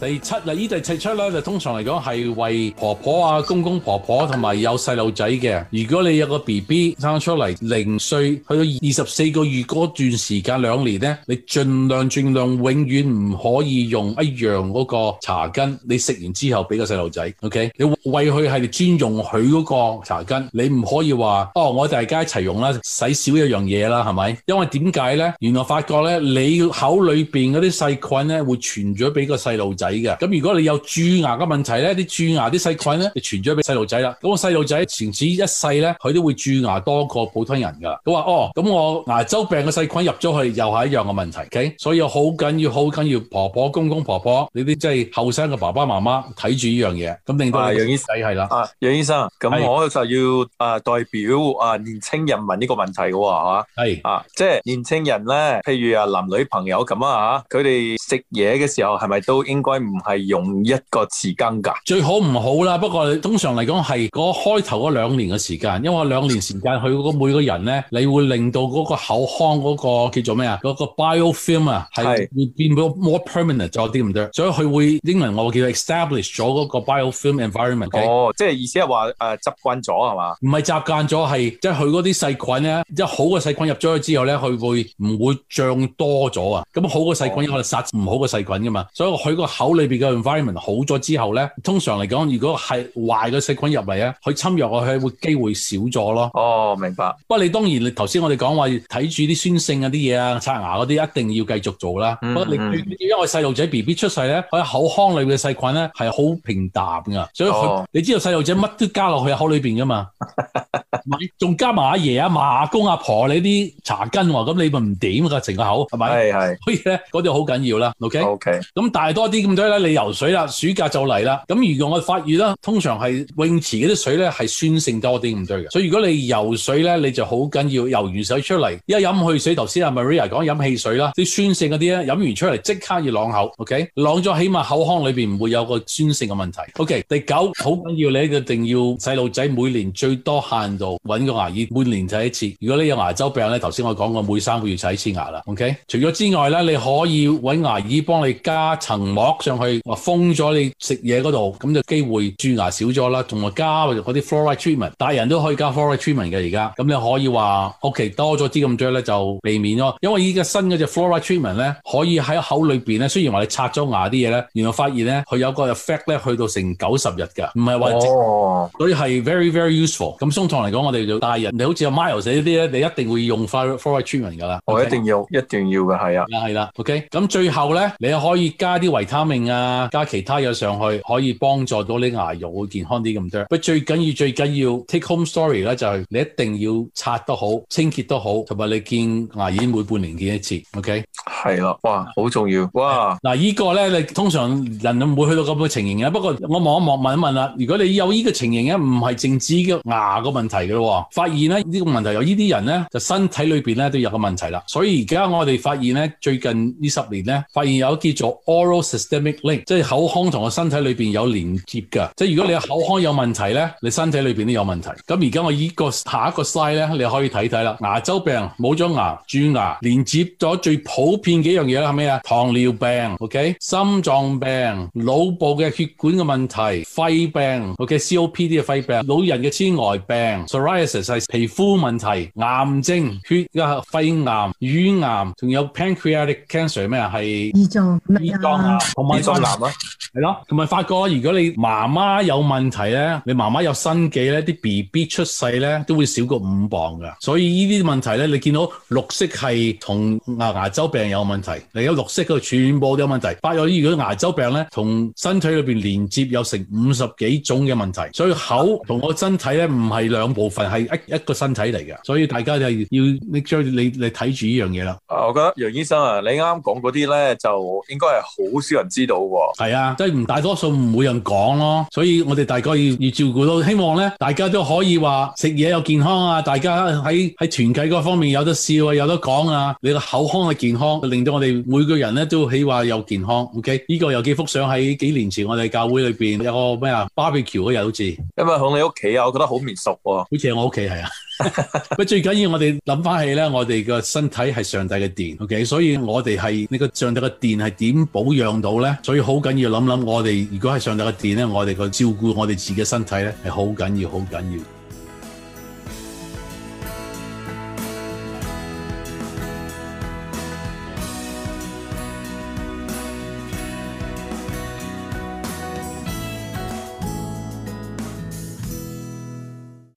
第七啊，呢第七出咧就通常嚟講係為婆婆啊、公公婆婆同埋有細路仔嘅。如果你有個 B B 生出嚟，零歲去到二十四個月嗰段時間兩年咧，你盡量盡量永遠唔可以用一樣嗰茶巾。你食完之後俾個細路仔，OK？你餵佢係專用佢嗰茶巾，你唔可以話哦，oh, 我哋大家一齊用啦，使少一樣嘢啦，係咪？因為點解咧？原來發覺咧，你口裏邊嗰啲細菌咧會傳咗俾個細路仔。嘅，咁，如果你有蛀牙嘅問題咧，啲蛀牙啲細菌咧，就傳咗俾細路仔啦。咁、個細路仔前此一世咧，佢都會蛀牙多過普通人噶。佢話哦，咁我牙周病嘅細菌入咗去，又係一樣嘅問題。OK，所以好緊要，好緊要。婆婆公公、婆婆，你啲即係後生嘅爸爸媽媽，睇住呢樣嘢。咁，另外楊醫生係啦，啊，楊醫生，咁我就要啊、呃、代表啊年青人問呢個問題嘅話，吓係的啊，即、就、係、是、年青人咧，譬如啊男女朋友咁啊吓，佢哋食嘢嘅時候係咪都應該？唔係用一個匙羹㗎，最好唔好啦。不過通常嚟講係嗰開頭嗰兩年嘅時間，因為兩年時間佢嗰 每個人咧，你會令到嗰個口腔嗰、嗰個叫做咩、嗰個、啊，嗰個 biofilm 啊，係會變到 more permanent 咗啲咁多，所以佢會英文我叫佢 establish 咗嗰個 biofilm environment。哦，okay? 即係意思係話誒習慣咗係嘛？唔係習慣咗係即係佢嗰啲細菌咧，即係好嘅細菌入咗去之後咧，佢會唔會漲多咗啊？咁好嘅細菌因為殺唔好嘅細菌㗎嘛，所以佢個口。口裏邊嘅 environment 好咗之後咧，通常嚟講，如果係壞嘅細菌入嚟啊，佢侵入啊，去會機會少咗咯。哦，明白。不過你當然，頭先我哋講話睇住啲酸性嗰啲嘢啊，刷牙嗰啲，一定要繼續做啦。嗯嗯。因為細路仔 B B 出世咧，喺口腔裏邊嘅細菌咧係好平淡噶，所以、哦、你知道細路仔乜都加落去口裏邊噶嘛，仲 加埋阿爺阿嫲阿公阿婆你啲茶根咁，你咪唔點噶成個口係咪？係係。是是所以咧，嗰啲好緊要啦。O、okay? K Okay.。O K。咁大多啲咁。所以咧，你游水啦，暑假就嚟啦。咁如果我發現啦，通常係泳池嗰啲水咧係酸性多啲，唔對嘅。所以如果你游水咧，你就好緊要游完水出嚟，一家飲去水。頭先阿 Maria 講飲汽水啦，啲酸性嗰啲咧飲完出嚟即刻要朗口，OK？朗咗起碼口腔裏邊唔會有個酸性嘅問題。OK？第九好緊要，你一定要細路仔每年最多限度揾個牙醫，半年洗一次。如果你有牙周病咧，頭先我講過每三個月洗一次牙啦。OK？除咗之外咧，你可以揾牙醫幫你加層膜。上去話封咗你食嘢嗰度，咁就機會蛀牙少咗啦。同埋加嗰啲 fluoride treatment，大人都可以加 fluoride treatment 嘅而家，咁你可以話屋企多咗啲咁多咧，就避免咯。因為依家新嗰隻 fluoride treatment 咧，可以喺口裏邊咧，雖然話你刷咗牙啲嘢咧，原來發現咧佢有個 effect 咧，去到成九十日㗎，唔係話哦，所以係 very very useful。咁通常嚟講，我哋就大人，你好似阿 Miles 呢啲咧，你一定會用 fluoride treatment 噶啦。我一定要，OK? 一定要嘅。係啊，係啦。OK，咁最後咧，你又可以加啲維他命。啊，加其他嘢上去，可以幫助到你牙肉會健康啲咁多。不過最緊要、最緊要，take home story 咧就係你一定要刷得好、清潔都好，同埋你見牙醫每半年見一次，OK。係咯，哇，好重要，哇！嗱，呢個咧，你通常人都唔會去到咁嘅情形啊。不過我望一望，問一問啦。如果你有呢個情形咧，唔係淨止個牙嘅問題㗎咯，發現咧呢個問題有呢啲人咧，就身體裏邊咧都有個問題啦。所以而家我哋發現咧，最近呢十年咧，發現有叫做 oral systemic link，即係口腔同我身體裏邊有連接噶。即係如果你嘅口腔有問題咧，你身體裏邊都有問題。咁而家我呢個下一個 slide 咧，你可以睇睇啦。牙周病、冇咗牙、蛀牙，連接咗最普遍。變幾樣嘢啦，係咩啊？糖尿病，OK，心臟病、腦部嘅血管嘅問題、肺病，OK，COPD 嘅肺病、老人嘅痴呆病、Psoriasis 係皮膚問題、癌症、血癌、肺癌、乳癌，仲有 Pancreatic Cancer 咩啊？係胰臟、胰臟啊、胰臟癌啊，係咯。同埋發覺，如果你媽媽有問題咧，你媽媽有身記咧，啲 BB 出世咧都會少過五磅噶。所以呢啲問題咧，你見到綠色係同牙周病有。有問題，你有綠色嗰個傳播都有問題。患有呢個牙周病咧，同身體裏邊連接有成五十幾種嘅問題。所以口同個身體咧唔係兩部分，係一一個身體嚟嘅。所以大家就係要你將你嚟睇住呢樣嘢啦。我覺得楊醫生啊，你啱啱講嗰啲咧，就應該係好少人知道的。係啊，即係唔大多數唔會人講咯。所以我哋大家要要照顧到，希望咧大家都可以話食嘢有健康啊，大家喺喺團體嗰方面有得笑啊，有得講啊，你個口腔嘅健康。令到我哋每個人咧都喜話又健康。OK，依、呢個有幾幅相喺幾年前我哋教會裏邊有個咩啊，barbecue 嗰日好似，因為響你屋企啊，我覺得很、啊、好面熟喎。好似係我屋企係啊，不過最緊要我哋諗翻起咧，我哋個身體係上帝嘅電。OK，所以我哋係呢個上帝嘅電係點保養到咧？所以好緊要諗諗，我哋如果係上帝嘅電咧，我哋個照顧我哋自己身體咧係好緊要，好緊要。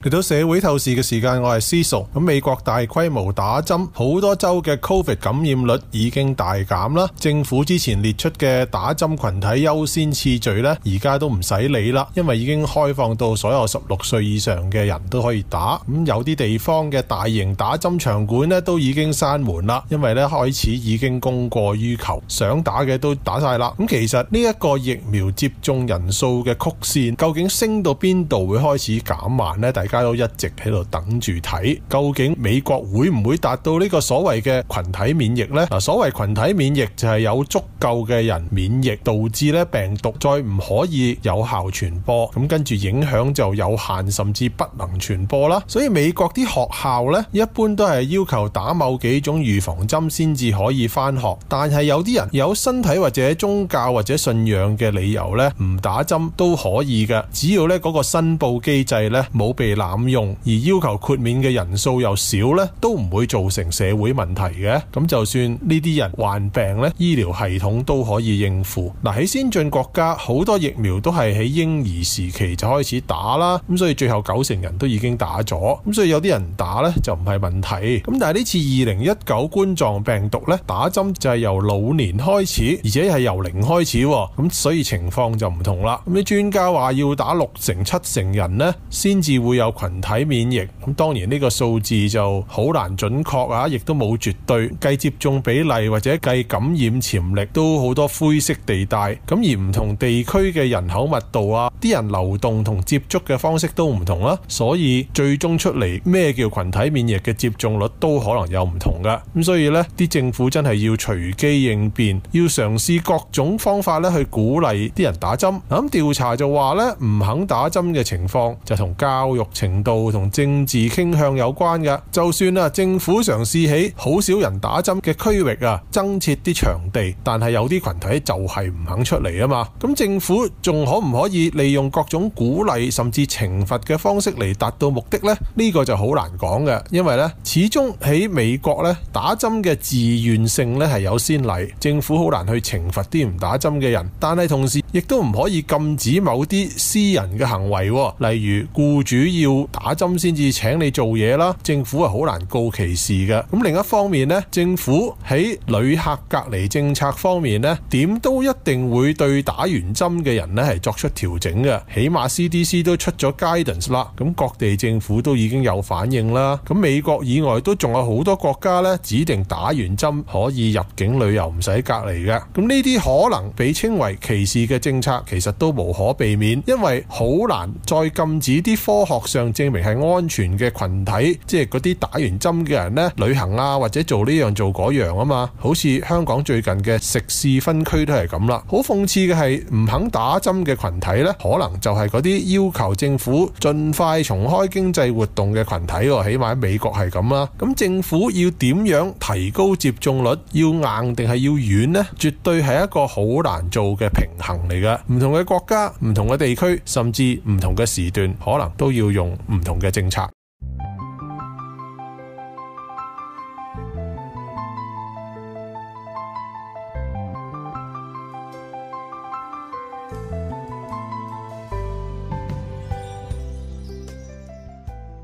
嚟到社會透視嘅時間，我係思熟。咁美國大規模打針，好多州嘅 Covid 感染率已經大減啦。政府之前列出嘅打針群體優先次序呢，而家都唔使理啦，因為已經開放到所有十六歲以上嘅人都可以打。咁有啲地方嘅大型打針場館呢，都已經閂門啦，因為咧開始已經供過於求，想打嘅都打晒啦。咁其實呢一個疫苗接種人數嘅曲線，究竟升到邊度會開始減慢呢？家都一直喺度等住睇，究竟美國會唔會達到呢個所謂嘅群體免疫咧？嗱，所謂群體免疫就係有足夠嘅人免疫，導致咧病毒再唔可以有效傳播，咁跟住影響就有限，甚至不能傳播啦。所以美國啲學校咧，一般都係要求打某幾種預防針先至可以翻學，但係有啲人有身體或者宗教或者信仰嘅理由咧，唔打針都可以嘅，只要咧嗰個申報機制咧冇被。濫用而要求豁免嘅人數又少呢，都唔會造成社會問題嘅。咁就算呢啲人患病呢，醫療系統都可以應付。嗱，喺先進國家，好多疫苗都係喺嬰兒時期就開始打啦，咁所以最後九成人都已經打咗。咁所以有啲人打呢就唔係問題。咁但係呢次二零一九冠狀病毒呢，打針就係由老年開始，而且係由零開始，咁所以情況就唔同啦。咁啲專家話要打六成、七成人呢，先至會有。群體免疫。咁當然呢個數字就好難準確啊，亦都冇絕對，計接種比例或者計感染潛力都好多灰色地帶。咁而唔同地區嘅人口密度啊，啲人流動同接觸嘅方式都唔同啦，所以最終出嚟咩叫群體免疫嘅接種率都可能有唔同噶。咁所以呢啲政府真係要隨機應變，要嘗試各種方法咧去鼓勵啲人打針。咁調查就話呢，唔肯打針嘅情況就同教育。程度同政治傾向有關嘅，就算啊政府嘗試喺好少人打針嘅區域啊，增設啲場地，但係有啲群體就係唔肯出嚟啊嘛。咁政府仲可唔可以利用各種鼓勵甚至懲罰嘅方式嚟達到目的咧？呢個就好難講嘅，因為咧，始終喺美國咧打針嘅自願性咧係有先例，政府好難去懲罰啲唔打針嘅人，但係同時。亦都唔可以禁止某啲私人嘅行為，例如雇主要打針先至請你做嘢啦。政府係好難告歧視嘅。咁另一方面咧，政府喺旅客隔離政策方面咧，點都一定會對打完針嘅人咧係作出調整嘅。起碼 CDC 都出咗 guidance 啦，咁各地政府都已經有反應啦。咁美國以外都仲有好多國家咧，指定打完針可以入境旅遊唔使隔離嘅。咁呢啲可能被稱為歧視嘅政策其實都無可避免，因為好難再禁止啲科學上證明係安全嘅群體，即係嗰啲打完針嘅人呢，旅行啊或者做呢樣做嗰樣啊嘛。好似香港最近嘅食肆分區都係咁啦。好諷刺嘅係，唔肯打針嘅群體呢，可能就係嗰啲要求政府盡快重開經濟活動嘅群體喎啊。起碼喺美國係咁啦。咁政府要點樣提高接種率？要硬定係要軟呢？絕對係一個好難做嘅平衡。嚟嘅唔同嘅國家、唔同嘅地區，甚至唔同嘅時段，可能都要用唔同嘅政策。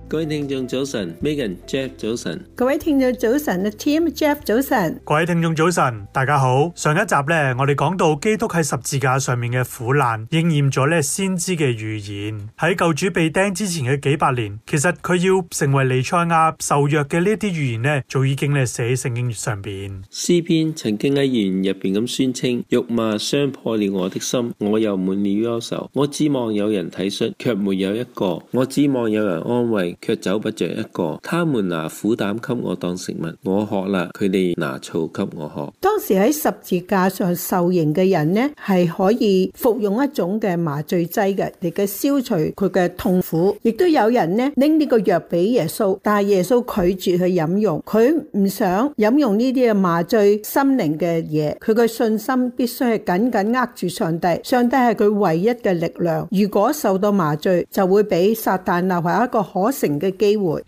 各位聽眾早晨，Megan Jeff 早晨，各位聽眾早晨，阿 Tim Jeff 早晨，各位聽眾早晨，大家好。上一集咧，我哋講到基督喺十字架上面嘅苦難應驗咗咧先知嘅預言，喺救主被釘之前嘅幾百年，其實佢要成為彌賽亞受辱嘅呢啲預言咧，早已經咧寫喺聖經上邊。詩篇曾經喺預言入邊咁宣稱：辱罵傷破了我的心，我又滿了憂愁。我指望有人體恤，卻沒有一個；我指望有人安慰。卻找不着一個，他們拿苦膽給我當食物，我渴啦，佢哋拿醋給我喝。當時喺十字架上受刑嘅人呢，係可以服用一種嘅麻醉劑嘅，嚟嘅消除佢嘅痛苦。亦都有人呢拎呢個藥俾耶穌，但係耶穌拒絕去飲用，佢唔想飲用呢啲嘅麻醉心靈嘅嘢。佢嘅信心必須係緊緊握住上帝，上帝係佢唯一嘅力量。如果受到麻醉，就會俾撒旦留下一個可食。嘅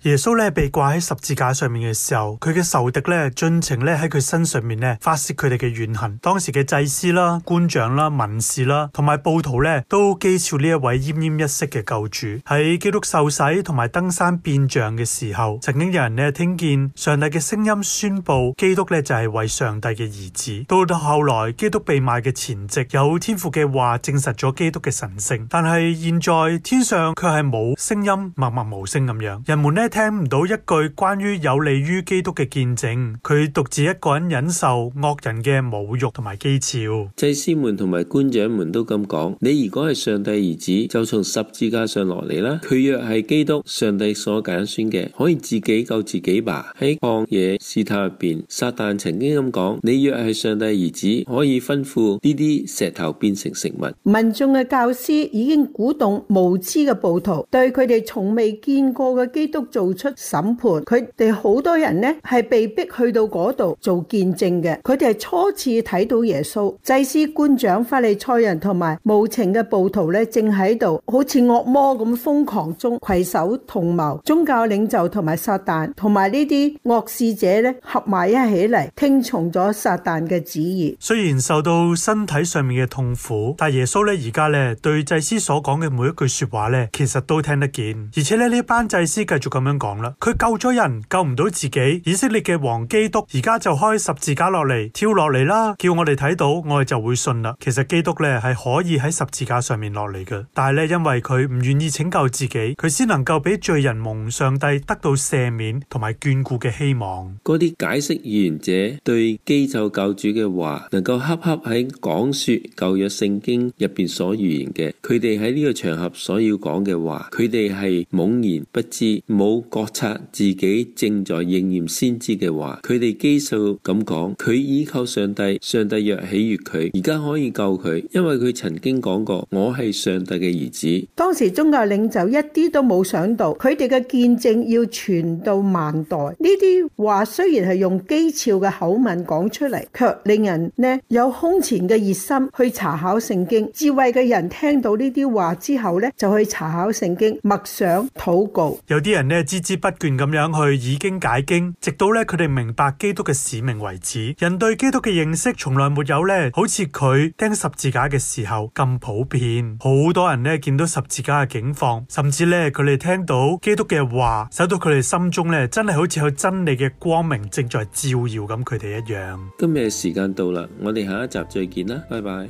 耶穌咧被掛喺十字架上面嘅時候，佢嘅仇敵咧盡情咧喺佢身上面咧發洩佢哋嘅怨恨。當時嘅祭司啦、官長啦、文士啦同埋暴徒咧都譏笑呢一位奄奄一息嘅救主。喺基督受洗同埋登山變像嘅時候，曾經有人咧聽見上帝嘅聲音宣布基督咧就係為上帝嘅兒子。到到後來，基督被賣嘅前夕，有天父嘅話證實咗基督嘅神聖。但係現在天上卻係冇聲音，默默無聲。咁樣，人們呢，聽唔到一句關於有利於基督嘅見證，佢獨自一個人忍受惡人嘅侮辱同埋譏笑。祭司們同埋官長們都咁講：你如果係上帝兒子，就從十字架上落嚟啦。佢若係基督，上帝所揀選嘅，可以自己救自己吧。喺曠野試探入邊，撒旦曾經咁講：你若係上帝兒子，可以吩咐呢啲石頭變成成食物。民眾嘅教師已經鼓動無知嘅暴徒，對佢哋從未見過。過嘅基督做出審判，佢哋好多人呢係被逼，去到嗰度做見證嘅，佢哋係初次睇到耶穌。祭司、官長、法利賽人同埋無情嘅暴徒呢，正喺度好似惡魔咁瘋狂中携手同謀。宗教領袖同埋撒旦同埋呢啲惡使者呢，合埋一起嚟，聽從咗撒旦嘅旨意。雖然受到身體上面嘅痛苦，但耶穌呢而家呢對祭司所講嘅每一句說話呢，其實都聽得見，而且呢呢班。祭司繼續咁樣講啦，佢救咗人，救唔到自己。以色列嘅王基督而家就開十字架落嚟，跳落嚟啦，叫我哋睇到，我哋就會信啦。其實基督咧係可以喺十字架上面落嚟嘅，但係咧因為佢唔願意拯救自己，佢先能夠俾罪人蒙上帝得到赦免同埋眷顧嘅希望。嗰啲解釋預言者對基督救主嘅話，能夠恰恰喺講說舊約聖經入邊所預言嘅，佢哋喺呢個場合所要講嘅話，佢哋係懵然。不知冇覺察自己正在應驗先知嘅話，佢哋譏笑咁講，佢依靠上帝，上帝若喜悅佢，而家可以救佢，因為佢曾經講過，我係上帝嘅兒子。當時宗教領袖一啲都冇想到，佢哋嘅見證要傳到萬代。呢啲話雖然係用譏誚嘅口吻講出嚟，卻令人呢有空前嘅熱心去查考聖經。智慧嘅人聽到呢啲話之後呢就去查考聖經，默想禱告。討過有啲人咧孜孜不倦咁樣去以經解經，直到咧佢哋明白基督嘅使命為止。人對基督嘅認識從來沒有咧，好似佢釘十字架嘅時候咁普遍。好多人咧見到十字架嘅境況，甚至咧佢哋聽到基督嘅話，使到佢哋心中咧真係好似有真理嘅光明正在照耀咁，佢哋一樣。今日時間到啦，我哋下一集再見啦，拜拜。